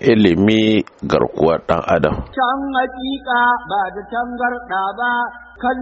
ilimi garkuwar ɗan adam. Can hakika ba da tangarɗa ba kan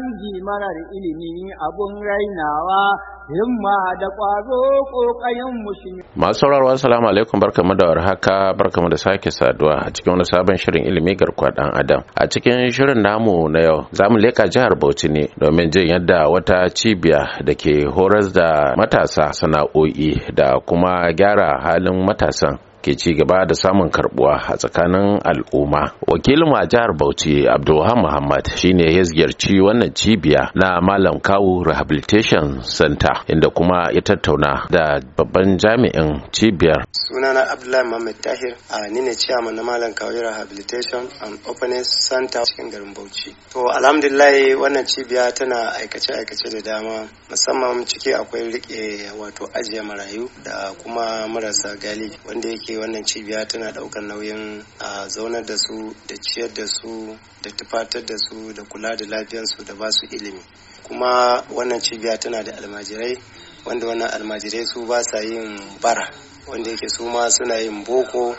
marar ilimi abun rainawa himma da ƙwazo ƙoƙayen musulmi. Masu sauraro assalamu alaikum barkamu da warhaka barkamu da sake saduwa a cikin wani sabon shirin ilimi garkuwa ɗan adam. A cikin shirin namu na yau za mu leƙa jihar Bauchi ne domin jin yadda wata cibiya da ke horas da matasa sana'o'i da kuma gyara halin matasan ke ci gaba da samun karbuwa a tsakanin al'umma wakilin a jihar bauchi abdulhamid muhammad shine ya ziyarci wannan cibiya na malam kawu rehabilitation center inda kuma ya tattauna da babban jami'in cibiyar sunana abdullahi muhammad tahir a ni ne na malam kawu rehabilitation and openness center cikin garin bauchi to alhamdulillah wannan cibiya tana aikace-aikace da dama musamman ciki akwai rike wato ajiye marayu da kuma marasa galibi wanda yake wannan cibiya tana ɗaukar nauyin a zaunar da su da ciyar da su da tufatar da su da kula da lafiyarsu da ba su ilimi kuma wannan cibiya tana da almajirai wanda wannan almajirai su ba sa yin bara wanda yake su ma suna yin boko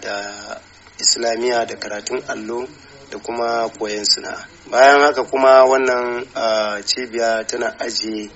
da islamiyya da karatun allo da kuma koyon suna bayan haka kuma wannan cibiya tana ajiye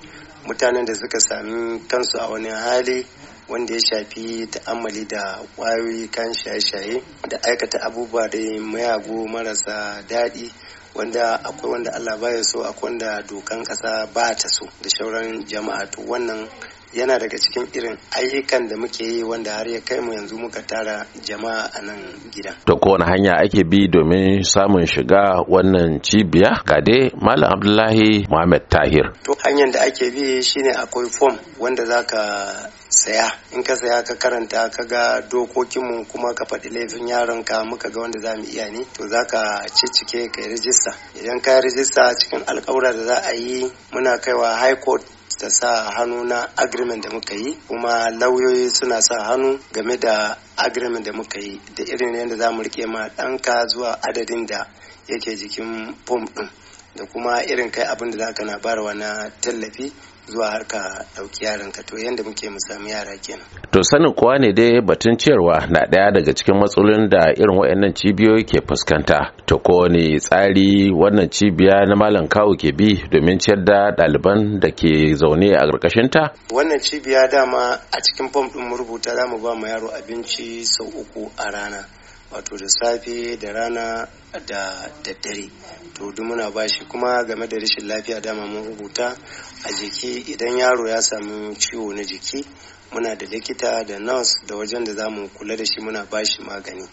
mutanen da suka sami kansu a wani hali wanda ya shafi ta'amali da kwayoyi kan shaye-shaye da aikata abubuwa da mayago marasa daɗi wanda akwai wanda Allah baya so akwai wanda dokan ƙasa ba ta so da shauran jama'a to wannan yana daga cikin irin ayyukan da muke yi wanda har ya kai mu yanzu muka tara jama'a a nan gidan. To kowane hanya ake bi domin samun shiga wannan cibiya ga dai Malam Abdullahi Muhammad Tahir. To hanyar da ake bi shine akwai fom wanda zaka saya in ka saya ka karanta ka ga dokokinmu kuma ka faɗi laifin yaron ka muka ga wanda za mu iya ne to za ka ciccike ka yi rijista idan ka yi rijista cikin alkawura da za a yi muna kaiwa high court ta sa hannu na agreement da muka yi kuma lauyoyi suna sa hannu game da agreement da muka yi da irin yadda za mu rike ma ɗanka zuwa adadin da yake jikin fom ɗin da kuma irin kai abin da za ka na barwa na tallafi zuwa har ka ɗauki yaranka to yadda muke mu sami yara kenan. To sanin kuwa ne dai batun ciyarwa na ɗaya daga cikin matsalolin da irin waɗannan cibiyoyi ke fuskanta. To ko ne tsari wannan cibiya na Malam Kawu ke bi domin ciyar da ɗaliban da ke zaune a ƙarƙashinta? Wannan cibiya dama a cikin fom ɗin mu rubuta za mu ba mu yaro abinci sau uku a rana. wato da safe da rana da daddare to duk muna bashi kuma game da rashin lafiya dama mun rubuta a jiki idan yaro ya samu ciwo na jiki muna da likita da nurse da wajen da za mu kula da shi muna bashi magani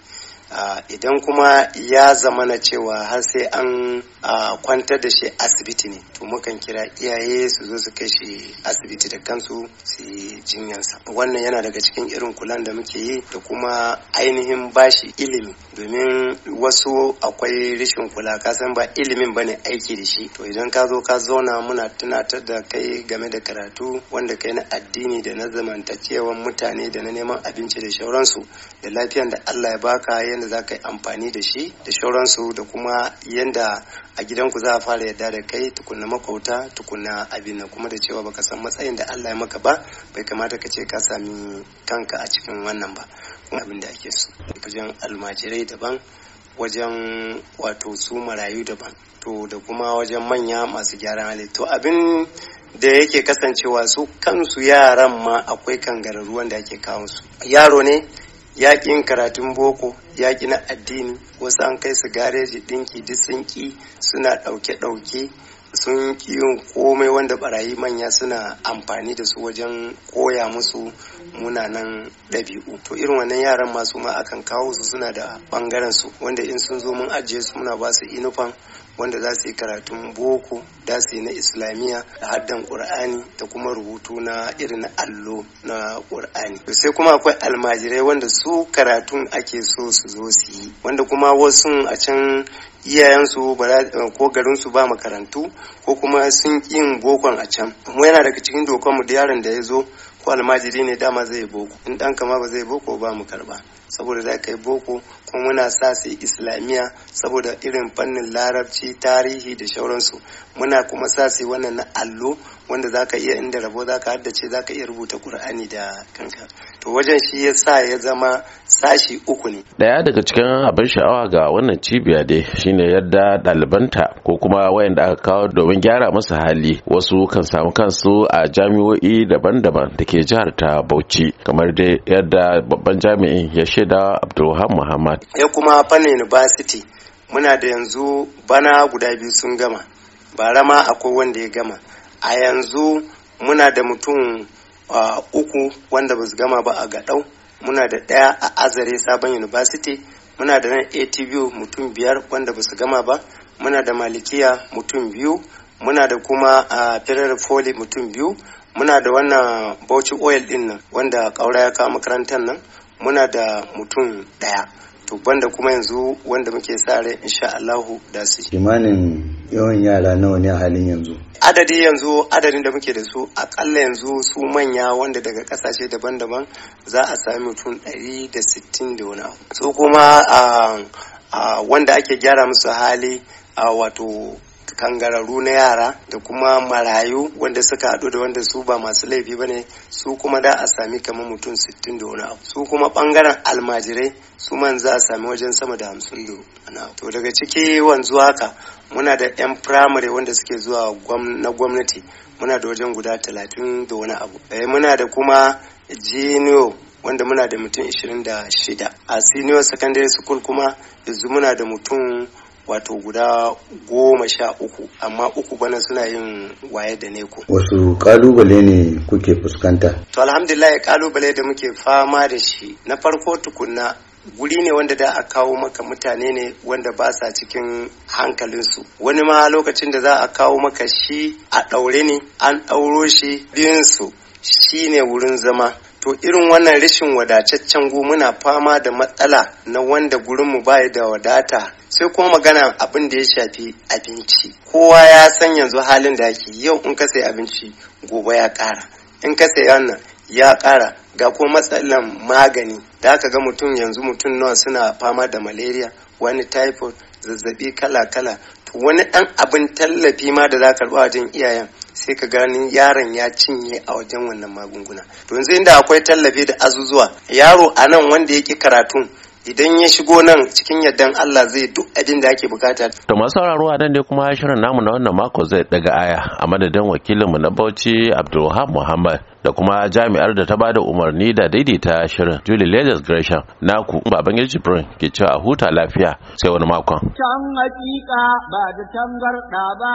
Ah, idan kuma ya zamana cewa har sai an ah, kwantar da shi asibiti ne to mukan kira iyaye su zo su kai shi asibiti da kansu su yi jinyansa wannan yana daga cikin irin kulan da muke yi da kuma ainihin bashi ilimi domin wasu akwai rashin kula kasan ba ilimin ba ne aiki da shi to idan ka zo ka zauna muna tunatar da kai game da karatu wanda kai na addini da na zamantakewan mutane da na neman abinci da sauransu da lafiyan da Allah ya baka yana yadda za ka yi amfani da shi da shauransu da kuma yadda a gidanku za a fara yadda da kai tukuna makauta tukuna abin na kuma da cewa baka san matsayin da Allah ya maka ba bai kamata ka ce ka sami kanka a cikin wannan ba abin da ake so wajen almajirai daban wajen wato su marayu daban to da kuma wajen manya masu gyaran hali to abin da yake kasancewa su kansu yaran ma akwai kangararruwan da ake kawo su yaro ne yaƙin karatun boko yaƙi na addini wasu an kai su gareji ɗinki duk sun suna ɗauke-ɗauke sun yin komai wanda barayi manya suna amfani da su wajen koya musu munanan ɗabi'u to irin wannan yaran masu ma akan kawo su suna da ɓangaren su wanda in sun zo mun ajiye su muna ba su inufan wanda za su yi karatun boko da su na islamiyya da haddan qur'ani da kuma rubutu na irin allo na qur'ani sai kuma akwai almajirai wanda su karatun ake so su zo su yi wanda kuma wasu a can iyayensu ko garinsu ba makarantu ko kuma sun ƙi yin bokon a can mu yana daga cikin dokanmu da yaron da ya zo ko almajiri ne dama zai boko in dan kama ba zai boko ba mu karba saboda za ka yi boko kuma muna sa su islamiyya saboda irin fannin larabci tarihi da shauransu muna kuma sa su wannan na allo wanda za ka iya inda rabo za ka haddace za ka iya rubuta qur'ani da kanka to wajen shi ya sa ya zama sashi uku ne daya daga cikin abin sha'awa ga wannan cibiya dai shine yadda ɗalibanta ko kuma wayanda aka kawo domin gyara musu hali wasu kan samu kansu a jami'o'i daban-daban da ke jihar ta Bauchi kamar dai yadda babban jami'in ya shaida Abdulrahman Muhammad ya kuma fannin university muna da yanzu bana guda biyu sun gama bara ma akwai wanda ya gama a yanzu muna da mutum ah, uku wanda ba su gama ba a gaɗau muna da ɗaya a azare sabon university muna da nan atbu mutum biyar wanda ba su gama ba muna da malikiya mutum biyu muna da kuma a firar foli mutum biyu muna da wannan bauchi oil din nan wanda ƙaura ya kawo makarantar nan muna da mutum ɗaya to banda kuma yanzu wanda muke sa rai insha Allahu da su kimanin yawan yara nawa ne a halin yanzu adadi yanzu adadin da muke da su akalla yanzu su manya wanda daga kasashe daban-daban za a sami mutum 160 da wani su kuma ah, ah, wanda ake gyara musu hali ah, wato kangararru na yara da kuma marayu wanda suka haɗu da wanda su ba masu laifi ba ne su kuma da a sami kamar mutum sittin da wani abu su kuma ɓangaren almajirai su man za a sami wajen sama da hamsin da wani abu to daga ciki wanzu haka muna da 'yan firamare wanda suke zuwa na gwamnati muna da wajen guda talatin da wani abu eh, muna da kuma jiniyo wanda muna da mutum 26 a senior secondary school kuma yanzu muna da mutum wato guda goma sha uku amma uku bana suna yin waye da neko. Wasu kalubale ne kuke fuskanta? To alhamdulillah kalubale da muke fama da shi na farko tukunna guri ne wanda da a kawo maka mutane ne wanda ba sa cikin hankalinsu wani ma lokacin da za a kawo maka shi a ɗaure ne an ɗauro shi biyunsu shi ne wurin zama to irin wannan rashin wadataccen gu muna fama da matsala na wanda gurinmu baya da wadata sai kuma magana abin da ya shafi abinci kowa ya san yanzu halin da ake yau in ka sai abinci gobe ya kara in ka sai wannan ya kara ga ko matsalan magani da aka ga mutum yanzu mutum nawa suna fama da malaria wani typhoid zazzabi kala-kala to wani ɗan abin tallafi ma da za ka wajen iyayen sai ka gani yaron ya cinye a wajen wannan magunguna to yanzu inda akwai tallafi da azuzuwa yaro a nan wanda yake karatun idan ya shigo nan cikin yardan Allah zai duk abin da ake bukata. To masu sauraro a nan dai kuma shirin namu na wannan mako zai daga aya a madadin wakilin mu na Bauchi Abdulwahab Muhammad da kuma jami'ar da ta bada umarni da daidaita shirin Julie Ladies Gresham naku Babangida Jibrin ke cewa a huta lafiya sai wani makon. Can hakika ba da tangarda ba